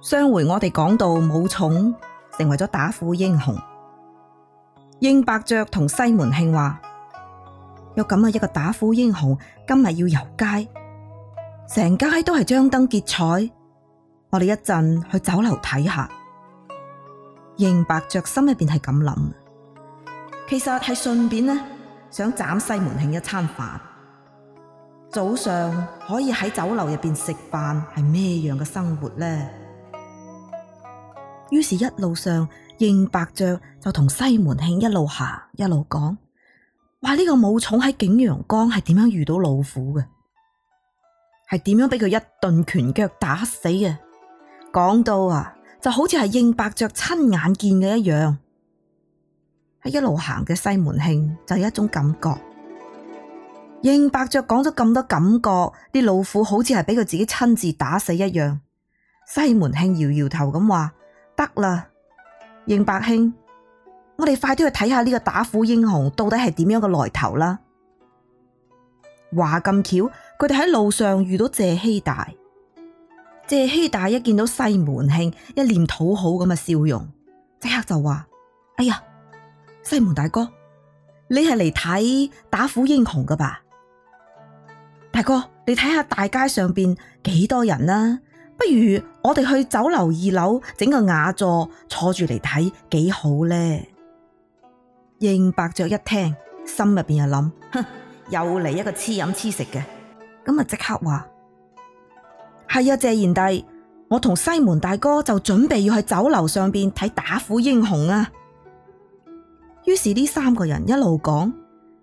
上回我哋講到武松成為咗打虎英雄，應伯爵同西門慶話：有咁嘅一個打虎英雄，今日要遊街，成街都係張燈結綵。我哋一陣去酒樓睇下。應伯爵心入邊係咁諗，其實係順便呢，想斬西門慶一餐飯。早上可以喺酒樓入邊食飯，係咩樣嘅生活呢？於是一一，一路上應伯爵就同西門慶一路行一路講，話呢、這個武松喺景陽岡係點樣遇到老虎嘅，係點樣俾佢一頓拳腳打死嘅。講到啊，就好似係應伯爵親眼見嘅一樣。喺一路行嘅西門慶就有一種感覺，應伯爵講咗咁多感覺，啲老虎好似係俾佢自己親自打死一樣。西門慶搖搖頭咁話。得啦，應伯兄，我哋快啲去睇下呢個打虎英雄到底係點樣嘅來頭啦。話咁巧，佢哋喺路上遇到謝希大，謝希大一見到西門慶，一臉討好咁嘅笑容，即刻就話：，哎呀，西門大哥，你係嚟睇打虎英雄噶吧？大哥，你睇下大街上邊幾多人啊。」不如我哋去酒樓二樓整個雅座坐住嚟睇，幾好呢。應伯爵一聽，心入邊 又諗：，哼，又嚟一個黐飲黐食嘅。咁啊，即刻話：係啊，謝賢弟，我同西門大哥就準備要去酒樓上邊睇打虎英雄啊！於是呢三個人一路講，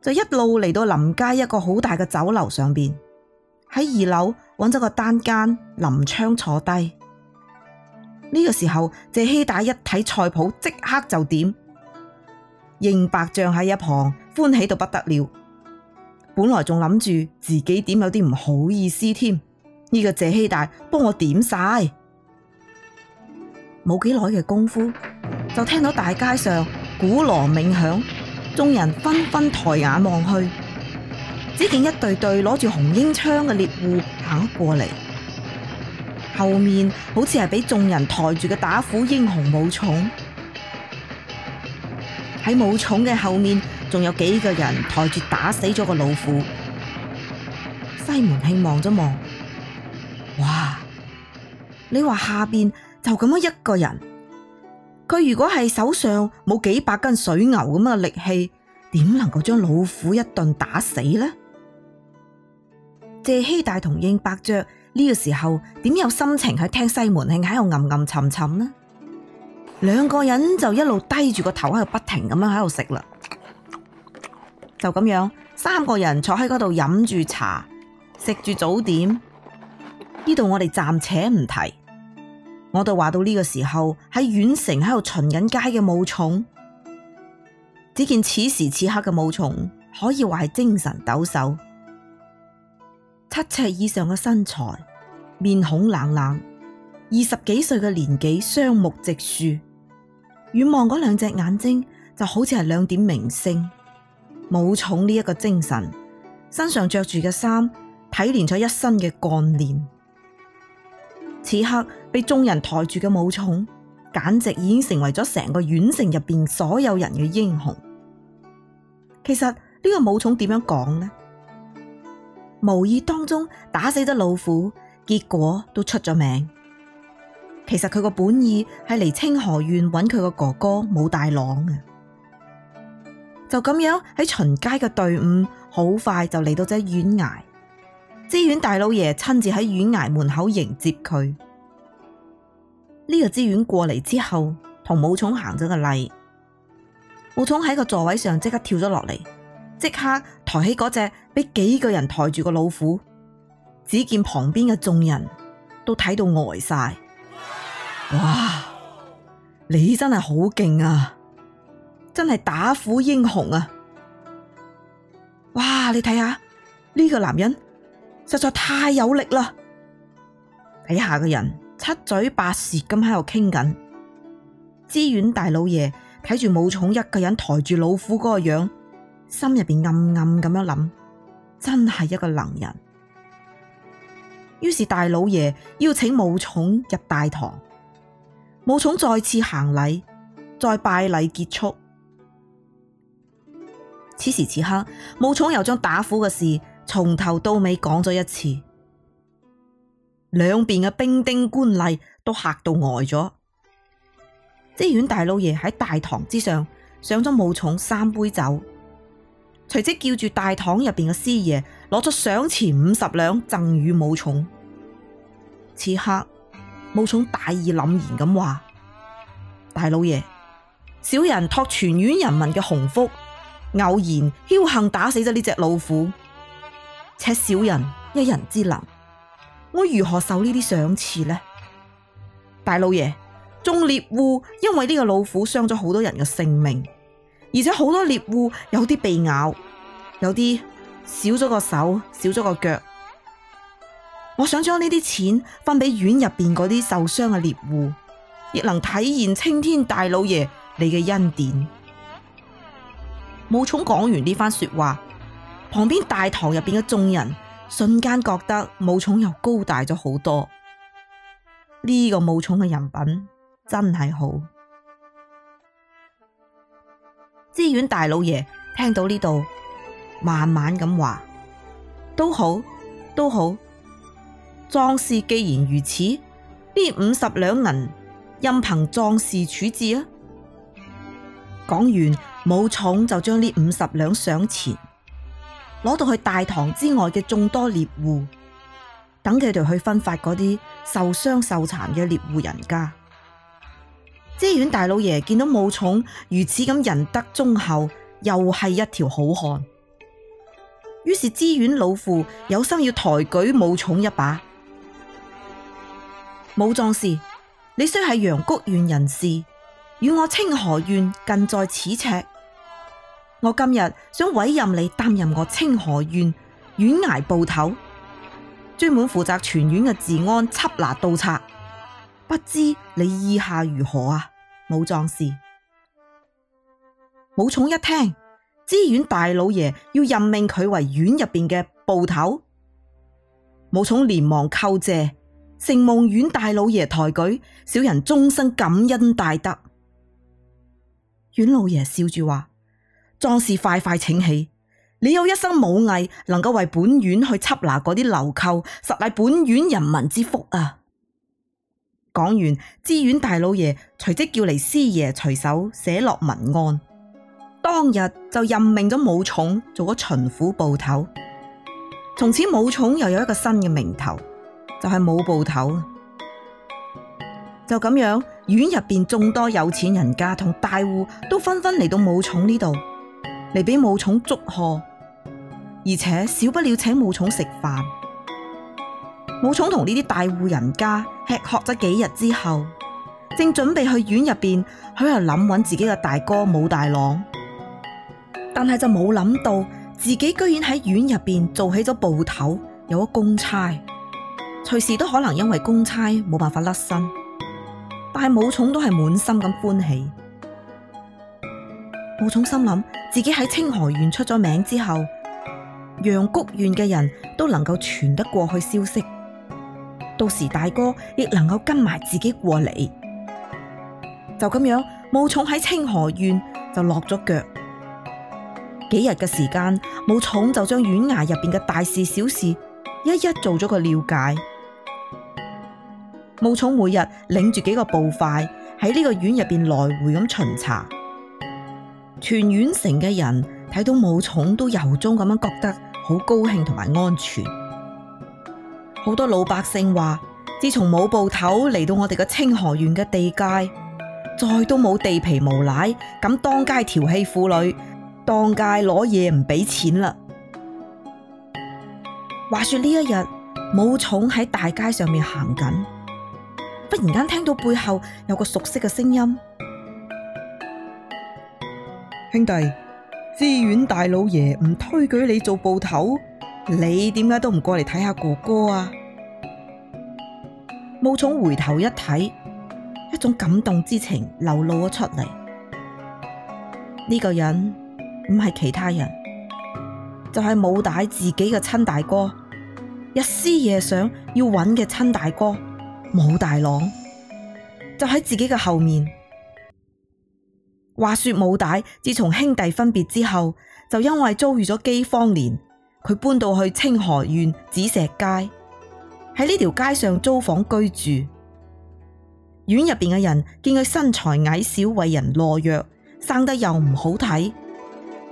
就一路嚟到臨街一個好大嘅酒樓上邊，喺二樓。揾咗個單間臨窗坐低，呢個時候謝希大一睇菜譜即刻就點，應伯爵喺一旁歡喜到不得了。本來仲諗住自己點有啲唔好意思添，呢個謝希大幫我點晒。冇幾耐嘅功夫，就聽到大街上鼓鑼鳴響，眾人紛紛抬眼望去。只見一對對攞住紅纓槍嘅獵戶行過嚟，後面好似係俾眾人抬住嘅打虎英雄武松。喺武松嘅後面，仲有幾個人抬住打死咗個老虎。西門慶望咗望，哇！你話下邊就咁樣一個人，佢如果係手上冇幾百斤水牛咁嘅力氣，點能夠將老虎一頓打死呢？謝希大同應伯爵呢個時候點有心情去聽西門慶喺度吟吟沉沉呢？兩個人就一路低住個頭喺度不停咁樣喺度食啦，就咁樣三個人坐喺嗰度飲住茶，食住早點，呢度我哋暫且唔提。我哋話到呢個時候喺縣城喺度巡緊街嘅武松，只見此時此刻嘅武松可以話係精神抖擻。七尺以上嘅身材，面孔冷冷，二十幾歲嘅年紀，雙目直豎，遠望嗰兩隻眼睛就好似係兩點明星。武松呢一個精神，身上着住嘅衫，體現咗一身嘅幹練。此刻被眾人抬住嘅武松，簡直已經成為咗成個縣城入邊所有人嘅英雄。其實呢，這個武松點樣講呢？無意當中打死咗老虎，結果都出咗名。其實佢個本意係嚟清河縣揾佢個哥哥武大郎啊。就咁樣喺巡街嘅隊伍，好快就嚟到只縣衙。知縣大老爺親自喺縣衙門口迎接佢。呢、這個知縣過嚟之後，同武松行咗個禮。武松喺個座位上即刻跳咗落嚟，即刻抬起嗰隻。俾幾個人抬住個老虎，只見旁邊嘅眾人都睇到呆晒。哇，你真係好勁啊！真係打虎英雄啊！哇，你睇下呢個男人實在太有力啦！底下嘅人七嘴八舌咁喺度傾緊。知縣大老爺睇住武松一個人抬住老虎嗰個樣，心入邊暗暗咁樣諗。真係一個能人。於是大老爺邀請武松入大堂，武松再次行禮，再拜禮結束。此時此刻，武松又將打虎嘅事從頭到尾講咗一次，兩邊嘅兵丁官吏都嚇到呆咗。知縣大老爺喺大堂之上上咗武松三杯酒。隨即叫住大堂入邊嘅師爺，攞咗賞錢五十兩贈予武松。此刻，武松大義凜然咁話：大老爺，小人托全縣人民嘅鴻福，偶然僥幸打死咗呢隻老虎，且小人一人之能，我如何受呢啲賞賜呢？大老爺，眾獵戶因為呢個老虎傷咗好多人嘅性命。而且好多獵戶有啲被咬，有啲少咗個手，少咗個腳。我想將呢啲錢分俾院入邊嗰啲受傷嘅獵戶，亦能體現青天大老爺你嘅恩典。武松講完呢番說話，旁邊大堂入邊嘅眾人瞬間覺得武松又高大咗好多。呢個武松嘅人品真係好。知縣大老爺聽到呢度，慢慢咁話：都好，都好。壯士既然如此，呢五十兩銀任憑壯士處置啊！講完，武松就將呢五十兩上前，攞到去大堂之外嘅眾多獵戶，等佢哋去分發嗰啲受傷受殘嘅獵戶人家。知縣大老爺見到武松如此咁仁德忠厚，又係一條好漢，於是知縣老父有心要抬舉武松一把。武壯士，你雖係陽谷縣人士，與我清河縣近在咫尺，我今日想委任你擔任我清河縣縣衙捕頭，專門負責全縣嘅治安緝拿盜賊。不知你意下如何啊？武壯士，武松一聽，知縣大老爺要任命佢為縣入邊嘅捕頭，武松連忙叩謝，承蒙縣大老爺抬舉，小人終身感恩大德。縣老爺笑住話：壯士快快請起，你有一身武藝，能夠為本縣去緝拿嗰啲流寇，實係本縣人民之福啊！講完，知縣大老爺隨即叫嚟師爺，隨手寫落文案，當日就任命咗武松做咗巡撫捕頭。從此武松又有一個新嘅名頭，就係武捕頭。就咁樣，院入邊眾多有錢人家同大戶都紛紛嚟到武松呢度嚟俾武松祝賀，而且少不了請武松食飯。武松同呢啲大戶人家。吃喝咗幾日之後，正準備去縣入邊，喺度諗揾自己嘅大哥武大郎，但係就冇諗到自己居然喺縣入邊做起咗捕頭，有咗公差，隨時都可能因為公差冇辦法甩身，但係武松都係滿心咁歡喜。武松心諗自己喺清河縣出咗名之後，陽谷縣嘅人都能夠傳得過去消息。到時大哥亦能夠跟埋自己過嚟，就咁樣，武松喺清河縣就落咗腳。幾日嘅時間，武松就將縣衙入邊嘅大事小事，一一做咗個了解。武松每日領住幾個捕快，喺呢個縣入邊來回咁巡查。全縣城嘅人睇到武松，都由衷咁樣覺得好高興同埋安全。好多老百姓話，自從冇捕頭嚟到我哋嘅清河縣嘅地界，再都冇地皮無賴咁當街調戲婦女，當街攞嘢唔俾錢啦。話說呢一日，武松喺大街上面行緊，忽然間聽到背後有個熟悉嘅聲音：兄弟，知縣大老爺唔推舉你做捕頭？你點解都唔過嚟睇下哥哥啊？武松回頭一睇，一種感動之情流露咗出嚟。呢、這個人唔係其他人，就係、是、武大自己嘅親大哥，日思夜想要揾嘅親大哥武大郎，就喺自己嘅後面。話說武大自從兄弟分別之後，就因為遭遇咗饑荒年。佢搬到去清河縣紫石街，喺呢條街上租房居住。院入邊嘅人見佢身材矮小、為人懦弱、生得又唔好睇，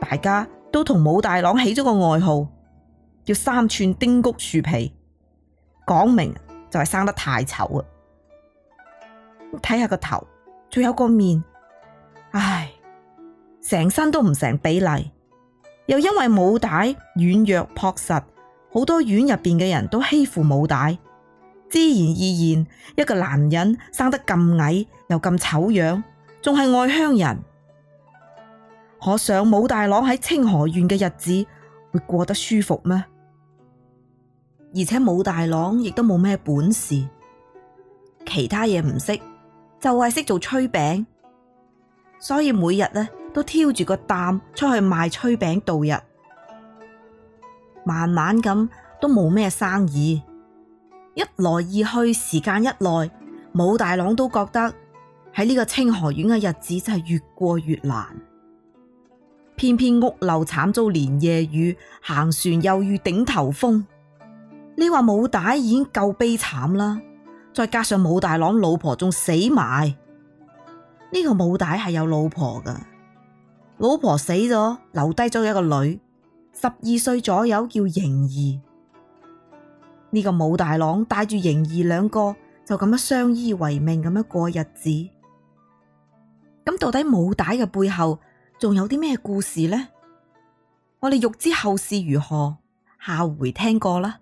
大家都同武大郎起咗個外號，叫三寸丁谷樹皮，講明就係生得太醜啊！睇下個頭，仲有個面，唉，成身都唔成比例。又因為武大軟弱樸實，好多院入邊嘅人都欺負武大。自然而然，一個男人生得咁矮又咁醜樣，仲係外鄉人，可想武大郎喺清河縣嘅日子會過得舒服咩？而且武大郎亦都冇咩本事，其他嘢唔識，就係、是、識做炊餅，所以每日呢。都挑住個擔出去賣炊餅度日，慢慢咁都冇咩生意，一來二去時間一耐，武大郎都覺得喺呢個清河縣嘅日子真係越過越難。偏偏屋漏慘遭連夜雨，行船又遇頂頭風，你話武大已經夠悲慘啦，再加上武大郎老婆仲死埋，呢個武大係有老婆噶。老婆死咗，留低咗一個女，十二歲左右，叫盈兒。呢、這個武大郎帶住盈兒兩個就咁樣相依為命咁樣過日子。咁到底武大嘅背後仲有啲咩故事呢？我哋欲知後事如何，下回聽過啦。